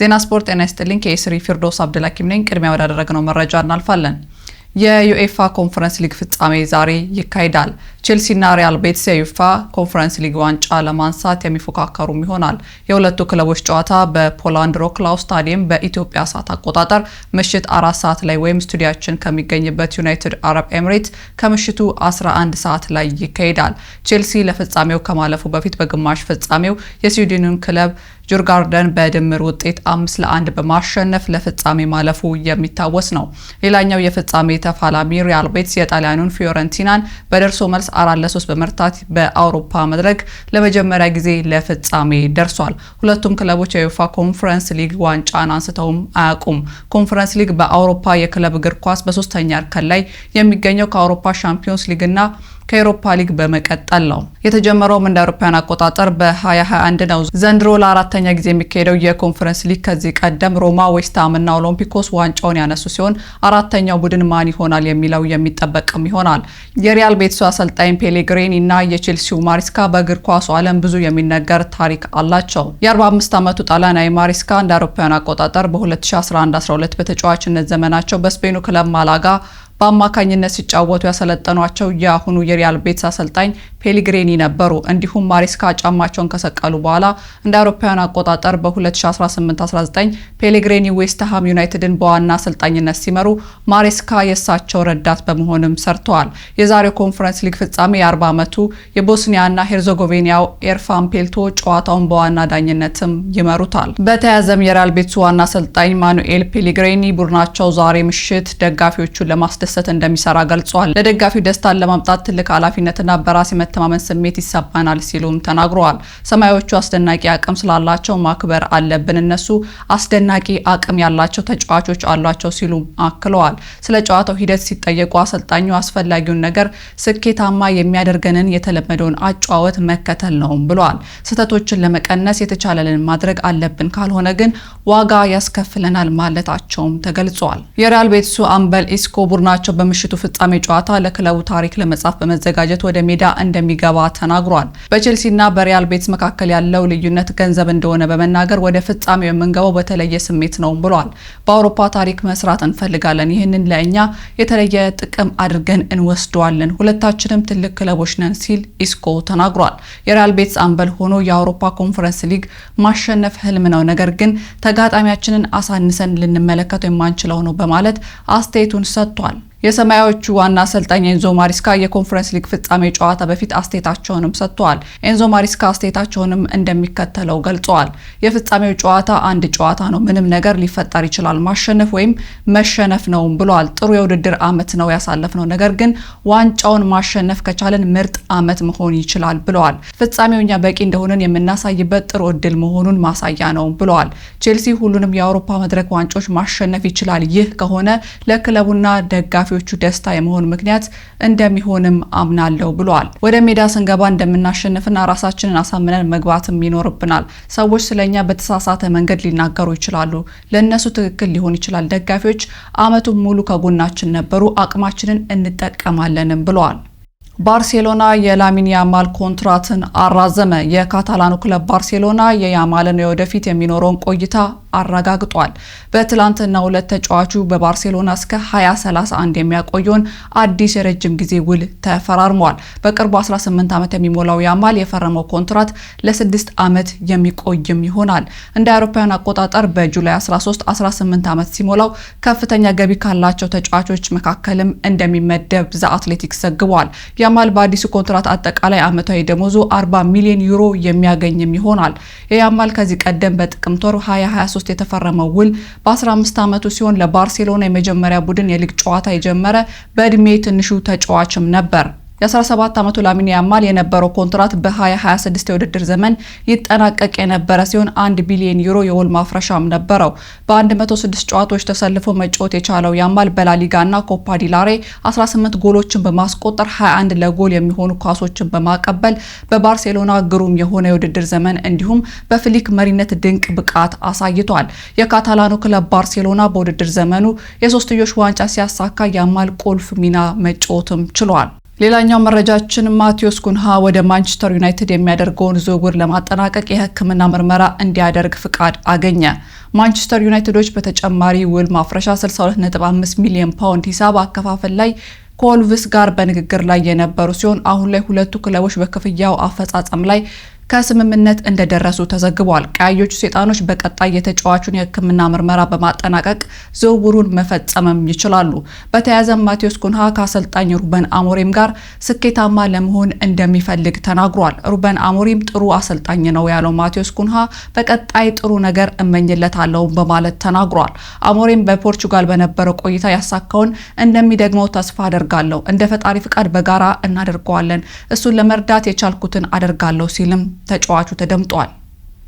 ዜና ስፖርት ጤና ይስጥልኝ። ከኤስሪ ፊርዶስ አብደላኪም ነኝ። ቅድሚያ ወዳደረግነው መረጃ እናልፋለን። የዩኤፋ ኮንፈረንስ ሊግ ፍጻሜ ዛሬ ይካሄዳል። ቼልሲና ሪያል ቤትስ የዩኤፋ ኮንፈረንስ ሊግ ዋንጫ ለማንሳት የሚፎካከሩም ይሆናል። የሁለቱ ክለቦች ጨዋታ በፖላንድ ሮክላው ስታዲየም በኢትዮጵያ ሰዓት አቆጣጠር ምሽት አራት ሰዓት ላይ ወይም ስቱዲያችን ከሚገኝበት ዩናይትድ አረብ ኤምሬት ከምሽቱ 11 ሰዓት ላይ ይካሄዳል። ቼልሲ ለፍጻሜው ከማለፉ በፊት በግማሽ ፍጻሜው የስዊድኑን ክለብ ጆርጋርደን በድምር ውጤት አምስት ለአንድ በማሸነፍ ለፍጻሜ ማለፉ የሚታወስ ነው። ሌላኛው የፍጻሜ ተፋላሚ ሪያል ቤትስ የጣሊያኑን ፊዮረንቲናን በደርሶ መልስ አራት ለሶስት በመርታት በአውሮፓ መድረክ ለመጀመሪያ ጊዜ ለፍጻሜ ደርሷል። ሁለቱም ክለቦች የዩፋ ኮንፈረንስ ሊግ ዋንጫን አንስተውም አያውቁም። ኮንፈረንስ ሊግ በአውሮፓ የክለብ እግር ኳስ በሶስተኛ እርከን ላይ የሚገኘው ከአውሮፓ ሻምፒዮንስ ሊግና ከኤሮፓ ሊግ በመቀጠል ነው። የተጀመረውም እንደ አውሮፓውያን አቆጣጠር በ2021 ነው። ዘንድሮ ለአራተኛ ጊዜ የሚካሄደው የኮንፈረንስ ሊግ ከዚህ ቀደም ሮማ፣ ዌስትሃምና ኦሎምፒኮስ ዋንጫውን ያነሱ ሲሆን አራተኛው ቡድን ማን ይሆናል የሚለው የሚጠበቅም ይሆናል። የሪያል ቤቲሱ አሰልጣኝ ፔሌግሪኒ እና የቼልሲው ማሪስካ በእግር ኳሱ ዓለም ብዙ የሚነገር ታሪክ አላቸው። የ45 ዓመቱ ጣሊያናዊ ማሪስካ እንደ አውሮፓውያን አቆጣጠር በ2011 12 በተጫዋችነት ዘመናቸው በስፔኑ ክለብ ማላጋ በአማካኝነት ሲጫወቱ ያሰለጠኗቸው የአሁኑ የሪያል ቤትስ አሰልጣኝ ፔሊግሬኒ ነበሩ። እንዲሁም ማሪስካ ጫማቸውን ከሰቀሉ በኋላ እንደ አውሮፓውያን አቆጣጠር በ2018/19 ፔሊግሬኒ ዌስትሃም ዩናይትድን በዋና አሰልጣኝነት ሲመሩ ማሪስካ የእሳቸው ረዳት በመሆንም ሰርተዋል። የዛሬው ኮንፈረንስ ሊግ ፍጻሜ የ40 ዓመቱ የቦስኒያና ሄርዞጎቬኒያው ኤርፋን ፔልቶ ጨዋታውን በዋና ዳኝነትም ይመሩታል። በተያያዘም የሪያል ቤትስ ዋና አሰልጣኝ ማኑኤል ፔሊግሬኒ ቡድናቸው ዛሬ ምሽት ደጋፊዎቹን ለማስደ በፍሰት እንደሚሰራ ገልጿል። ለደጋፊው ደስታን ለማምጣት ትልቅ ኃላፊነትና በራስ የመተማመን ስሜት ይሰማናል ሲሉም ተናግረዋል። ሰማዮቹ አስደናቂ አቅም ስላላቸው ማክበር አለብን። እነሱ አስደናቂ አቅም ያላቸው ተጫዋቾች አሏቸው ሲሉም አክለዋል። ስለ ጨዋታው ሂደት ሲጠየቁ አሰልጣኙ አስፈላጊውን ነገር ስኬታማ የሚያደርገንን የተለመደውን አጨዋወት መከተል ነውም ብለዋል። ስህተቶችን ለመቀነስ የተቻለንን ማድረግ አለብን፣ ካልሆነ ግን ዋጋ ያስከፍለናል ማለታቸውም ተገልጿል። የሪያል ቤቲሱ አምበል ኢስኮ ቡድናቸው ቡድናቸው በምሽቱ ፍጻሜ ጨዋታ ለክለቡ ታሪክ ለመጻፍ በመዘጋጀት ወደ ሜዳ እንደሚገባ ተናግሯል። በቼልሲና በሪያል ቤትስ መካከል ያለው ልዩነት ገንዘብ እንደሆነ በመናገር ወደ ፍጻሜው የምንገባው በተለየ ስሜት ነው ብሏል። በአውሮፓ ታሪክ መስራት እንፈልጋለን። ይህንን ለእኛ የተለየ ጥቅም አድርገን እንወስደዋለን። ሁለታችንም ትልቅ ክለቦች ነን ሲል ኢስኮ ተናግሯል። የሪያል ቤትስ አምበል ሆኖ የአውሮፓ ኮንፈረንስ ሊግ ማሸነፍ ህልም ነው፣ ነገር ግን ተጋጣሚያችንን አሳንሰን ልንመለከተው የማንችለው ነው በማለት አስተያየቱን ሰጥቷል። የሰማያዎቹ ዋና አሰልጣኝ ኤንዞ ማሪስካ የኮንፈረንስ ሊግ ፍጻሜ ጨዋታ በፊት አስተያየታቸውንም ሰጥተዋል። ኤንዞ ማሪስካ አስተያየታቸውንም እንደሚከተለው ገልጸዋል። የፍጻሜው ጨዋታ አንድ ጨዋታ ነው። ምንም ነገር ሊፈጠር ይችላል። ማሸነፍ ወይም መሸነፍ ነው ብለዋል። ጥሩ የውድድር አመት ነው ያሳለፍነው፣ ነገር ግን ዋንጫውን ማሸነፍ ከቻለን ምርጥ አመት መሆን ይችላል ብለዋል። ፍጻሜው እኛ በቂ እንደሆነን የምናሳይበት ጥሩ እድል መሆኑን ማሳያ ነው ብለዋል። ቼልሲ ሁሉንም የአውሮፓ መድረክ ዋንጫዎች ማሸነፍ ይችላል። ይህ ከሆነ ለክለቡና ደጋፊ ለደጋፊዎቹ ደስታ የመሆን ምክንያት እንደሚሆንም አምናለሁ ብሏል። ወደ ሜዳ ስንገባ እንደምናሸንፍና ራሳችንን አሳምነን መግባትም ይኖርብናል። ሰዎች ስለኛ በተሳሳተ መንገድ ሊናገሩ ይችላሉ። ለእነሱ ትክክል ሊሆን ይችላል። ደጋፊዎች አመቱን ሙሉ ከጎናችን ነበሩ። አቅማችንን እንጠቀማለንም ብለዋል። ባርሴሎና የላሚን ያማል ኮንትራትን አራዘመ። የካታላኑ ክለብ ባርሴሎና የያማልን የወደፊት የሚኖረውን ቆይታ አረጋግጧል። በትላንትናው ሁለት ተጫዋቹ በባርሴሎና እስከ 2031 የሚያቆየውን አዲስ የረጅም ጊዜ ውል ተፈራርሟል። በቅርቡ 18 ዓመት የሚሞላው ያማል የፈረመው ኮንትራት ለ6 ዓመት የሚቆይም ይሆናል። እንደ አውሮፓውያን አቆጣጠር በጁላይ 13 18 ዓመት ሲሞላው ከፍተኛ ገቢ ካላቸው ተጫዋቾች መካከልም እንደሚመደብ ዘ አትሌቲክስ ዘግቧል። ያማል በአዲሱ ኮንትራት አጠቃላይ ዓመታዊ ደሞዙ 40 ሚሊዮን ዩሮ የሚያገኝም ይሆናል። የያማል ከዚህ ቀደም በጥቅምት ወር 2023 2013 የተፈረመው ውል በ15 ዓመቱ ሲሆን ለባርሴሎና የመጀመሪያ ቡድን የሊግ ጨዋታ የጀመረ በእድሜ ትንሹ ተጫዋችም ነበር። የ17 ዓመቱ ላሚን ያማል የነበረው ኮንትራት በ2026 የውድድር ዘመን ይጠናቀቅ የነበረ ሲሆን 1 ቢሊዮን ዩሮ የውል ማፍረሻም ነበረው። በ106 ጨዋታዎች ተሰልፎ መጫወት የቻለው ያማል እና ኮፓ ዲላሬ 18 ጎሎችን በማስቆጠር 21 ለጎል የሚሆኑ ኳሶችን በማቀበል በባርሴሎና ግሩም የሆነ የውድድር ዘመን እንዲሁም በፍሊክ መሪነት ድንቅ ብቃት አሳይቷል። የካታላኑ ክለብ ባርሴሎና በውድድር ዘመኑ የሶስትዮሽ ዋንጫ ሲያሳካ ያማል ቁልፍ ሚና መጫወትም ችሏል። ሌላኛው መረጃችን ማቴዎስ ኩንሃ ወደ ማንቸስተር ዩናይትድ የሚያደርገውን ዝውውር ለማጠናቀቅ የሕክምና ምርመራ እንዲያደርግ ፍቃድ አገኘ። ማንቸስተር ዩናይትዶች በተጨማሪ ውል ማፍረሻ 625 ሚሊዮን ፓውንድ ሂሳብ አከፋፈል ላይ ከወልቭስ ጋር በንግግር ላይ የነበሩ ሲሆን አሁን ላይ ሁለቱ ክለቦች በክፍያው አፈጻጸም ላይ ከስምምነት እንደደረሱ ተዘግቧል። ቀያዮቹ ሰይጣኖች በቀጣይ የተጫዋቹን የሕክምና ምርመራ በማጠናቀቅ ዝውውሩን መፈጸምም ይችላሉ። በተያያዘም ማቴዎስ ኩንሃ ከአሰልጣኝ ሩበን አሞሪም ጋር ስኬታማ ለመሆን እንደሚፈልግ ተናግሯል። ሩበን አሞሪም ጥሩ አሰልጣኝ ነው ያለው ማቴዎስ ኩንሃ በቀጣይ ጥሩ ነገር እመኝለታለሁ በማለት ተናግሯል። አሞሪም በፖርቹጋል በነበረው ቆይታ ያሳካውን እንደሚደግመው ተስፋ አደርጋለሁ። እንደ ፈጣሪ ፍቃድ በጋራ እናደርገዋለን። እሱን ለመርዳት የቻልኩትን አደርጋለሁ ሲልም ተጫዋቹ ተደምጧል።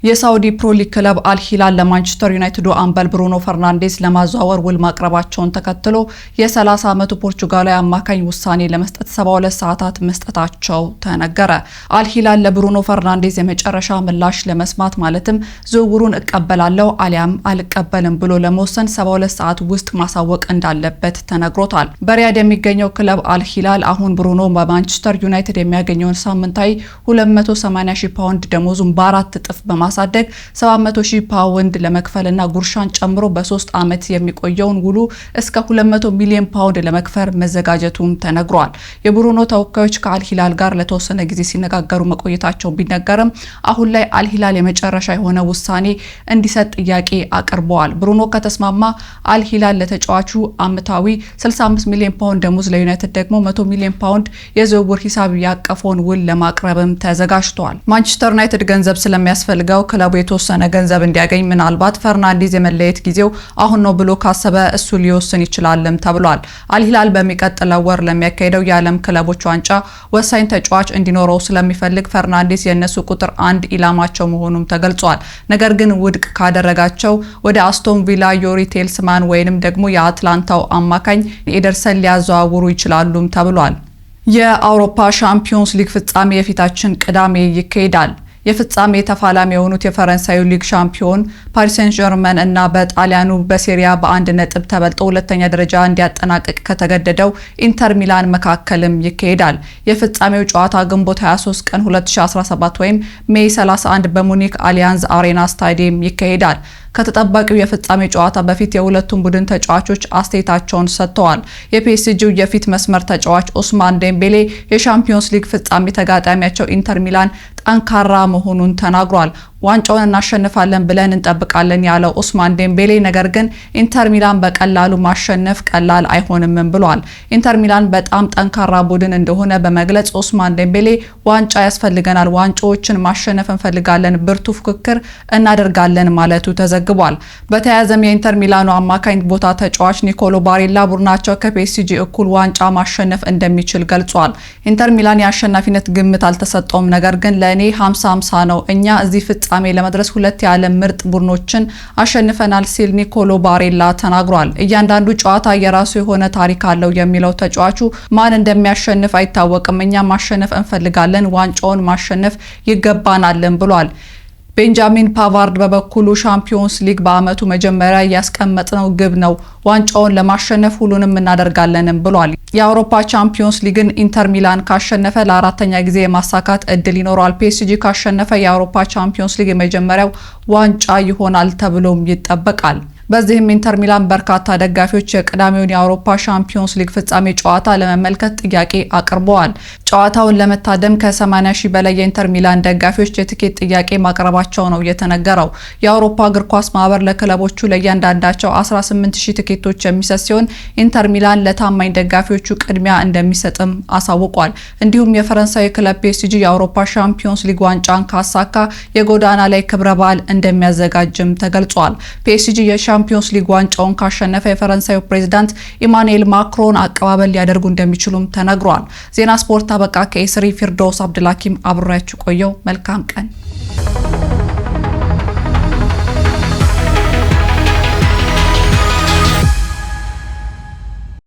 የሳውዲ ፕሮ ሊግ ክለብ አልሂላል ለማንቸስተር ዩናይትዱ አምበል ብሩኖ ፈርናንዴስ ለማዘዋወር ውል ማቅረባቸውን ተከትሎ የ30 ዓመቱ ፖርቹጋላዊ አማካኝ ውሳኔ ለመስጠት 72 ሰዓታት መስጠታቸው ተነገረ። አልሂላል ለብሩኖ ፈርናንዴስ የመጨረሻ ምላሽ ለመስማት ማለትም ዝውውሩን እቀበላለሁ አሊያም አልቀበልም ብሎ ለመወሰን 72 ሰዓት ውስጥ ማሳወቅ እንዳለበት ተነግሮታል። በሪያድ የሚገኘው ክለብ አልሂላል አሁን ብሩኖ በማንቸስተር ዩናይትድ የሚያገኘውን ሳምንታዊ 280 ሺህ ፓውንድ ደሞዙን በአራት እጥፍ በማ ለማሳደግ 700 ፓውንድ ለመክፈልና ጉርሻን ጨምሮ በሶስት ዓመት የሚቆየውን ውሉ እስከ 200 ሚሊዮን ፓውንድ ለመክፈል መዘጋጀቱም ተነግሯል። የብሩኖ ተወካዮች ከአልሂላል ጋር ለተወሰነ ጊዜ ሲነጋገሩ መቆየታቸው ቢነገርም አሁን ላይ አልሂላል የመጨረሻ የሆነ ውሳኔ እንዲሰጥ ጥያቄ አቅርበዋል። ብሩኖ ከተስማማ አልሂላል ለተጫዋቹ አመታዊ 65 ሚሊዮን ፓውንድ ደሞዝ፣ ለዩናይትድ ደግሞ 100 ሚሊዮን ፓውንድ የዝውውር ሂሳብ ያቀፈውን ውል ለማቅረብም ተዘጋጅቷል። ማንቸስተር ዩናይትድ ገንዘብ ስለሚያስፈልገው ከሚገዛው ክለቡ የተወሰነ ገንዘብ እንዲያገኝ ምናልባት ፈርናንዴዝ የመለየት ጊዜው አሁን ነው ብሎ ካሰበ እሱ ሊወስን ይችላልም ተብሏል። አልሂላል በሚቀጥለው ወር ለሚያካሄደው የዓለም ክለቦች ዋንጫ ወሳኝ ተጫዋች እንዲኖረው ስለሚፈልግ ፈርናንዴስ የእነሱ ቁጥር አንድ ኢላማቸው መሆኑም ተገልጿል። ነገር ግን ውድቅ ካደረጋቸው ወደ አስቶን ቪላ ዮሪ ቴልስማን ወይንም ደግሞ የአትላንታው አማካኝ ኤደርሰን ሊያዘዋውሩ ይችላሉም ተብሏል። የአውሮፓ ሻምፒዮንስ ሊግ ፍጻሜ የፊታችን ቅዳሜ ይካሄዳል። የፍጻሜ ተፋላሚ የሆኑት የፈረንሳዩ ሊግ ሻምፒዮን ፓሪስ ሴን ጀርመን እና በጣሊያኑ በሴሪያ በአንድ ነጥብ ተበልጦ ሁለተኛ ደረጃ እንዲያጠናቅቅ ከተገደደው ኢንተር ሚላን መካከልም ይካሄዳል። የፍጻሜው ጨዋታ ግንቦት 23 ቀን 2017 ወይም ሜይ 31 በሙኒክ አሊያንዝ አሬና ስታዲየም ይካሄዳል። ከተጠባቂው የፍጻሜ ጨዋታ በፊት የሁለቱም ቡድን ተጫዋቾች አስተያየታቸውን ሰጥተዋል። የፒኤስጂው የፊት መስመር ተጫዋች ኦስማን ዴምቤሌ የሻምፒዮንስ ሊግ ፍጻሜ ተጋጣሚያቸው ኢንተር ሚላን ጠንካራ መሆኑን ተናግሯል። ዋንጫውን እናሸንፋለን ብለን እንጠብቃለን ያለው ኡስማን ዴምቤሌ ነገር ግን ኢንተር ሚላን በቀላሉ ማሸነፍ ቀላል አይሆንም ብሏል። ኢንተር ሚላን በጣም ጠንካራ ቡድን እንደሆነ በመግለጽ ኡስማን ዴምቤሌ ዋንጫ ያስፈልገናል፣ ዋንጫዎችን ማሸነፍ እንፈልጋለን፣ ብርቱ ፉክክር እናደርጋለን ማለቱ ተዘግቧል። በተያያዘም የኢንተር ሚላኑ አማካኝ ቦታ ተጫዋች ኒኮሎ ባሬላ ቡድናቸው ከፒኤስጂ እኩል ዋንጫ ማሸነፍ እንደሚችል ገልጿል። ኢንተር ሚላን የአሸናፊነት ግምት አልተሰጠውም፣ ነገር ግን ለእኔ 50 50 ነው እኛ እዚህ ፍጥ ፍጻሜ ለመድረስ ሁለት የዓለም ምርጥ ቡድኖችን አሸንፈናል ሲል ኒኮሎ ባሬላ ተናግሯል። እያንዳንዱ ጨዋታ የራሱ የሆነ ታሪክ አለው የሚለው ተጫዋቹ ማን እንደሚያሸንፍ አይታወቅም፣ እኛ ማሸነፍ እንፈልጋለን፣ ዋንጫውን ማሸነፍ ይገባናልን ብሏል። ቤንጃሚን ፓቫርድ በበኩሉ ሻምፒዮንስ ሊግ በዓመቱ መጀመሪያ ያስቀመጥነው ግብ ነው፣ ዋንጫውን ለማሸነፍ ሁሉንም እናደርጋለንም ብሏል። የአውሮፓ ቻምፒዮንስ ሊግን ኢንተር ሚላን ካሸነፈ ለአራተኛ ጊዜ የማሳካት እድል ይኖረዋል። ፒኤስጂ ካሸነፈ የአውሮፓ ቻምፒዮንስ ሊግ የመጀመሪያው ዋንጫ ይሆናል ተብሎም ይጠበቃል። በዚህም ኢንተር ሚላን በርካታ ደጋፊዎች የቅዳሜውን የአውሮፓ ሻምፒዮንስ ሊግ ፍጻሜ ጨዋታ ለመመልከት ጥያቄ አቅርበዋል። ጨዋታውን ለመታደም ከ80 በላይ የኢንተር ሚላን ደጋፊዎች የትኬት ጥያቄ ማቅረባቸው ነው የተነገረው። የአውሮፓ እግር ኳስ ማህበር ለክለቦቹ ለእያንዳንዳቸው 18 ትኬቶች የሚሰጥ ሲሆን ኢንተር ሚላን ለታማኝ ደጋፊዎቹ ቅድሚያ እንደሚሰጥም አሳውቋል። እንዲሁም የፈረንሳይ ክለብ ፒኤስጂ የአውሮፓ ሻምፒዮንስ ሊግ ዋንጫን ካሳካ የጎዳና ላይ ክብረ በዓል እንደሚያዘጋጅም ተገልጿል። ፒኤስጂ የቻምፒዮንስ ሊግ ዋንጫውን ካሸነፈ የፈረንሳዩ ፕሬዚዳንት ኢማኑኤል ማክሮን አቀባበል ሊያደርጉ እንደሚችሉም ተነግሯል። ዜና ስፖርት አበቃ። ከኤስሪ ፊርዶስ አብድላኪም አብሬያችሁ ቆየው። መልካም ቀን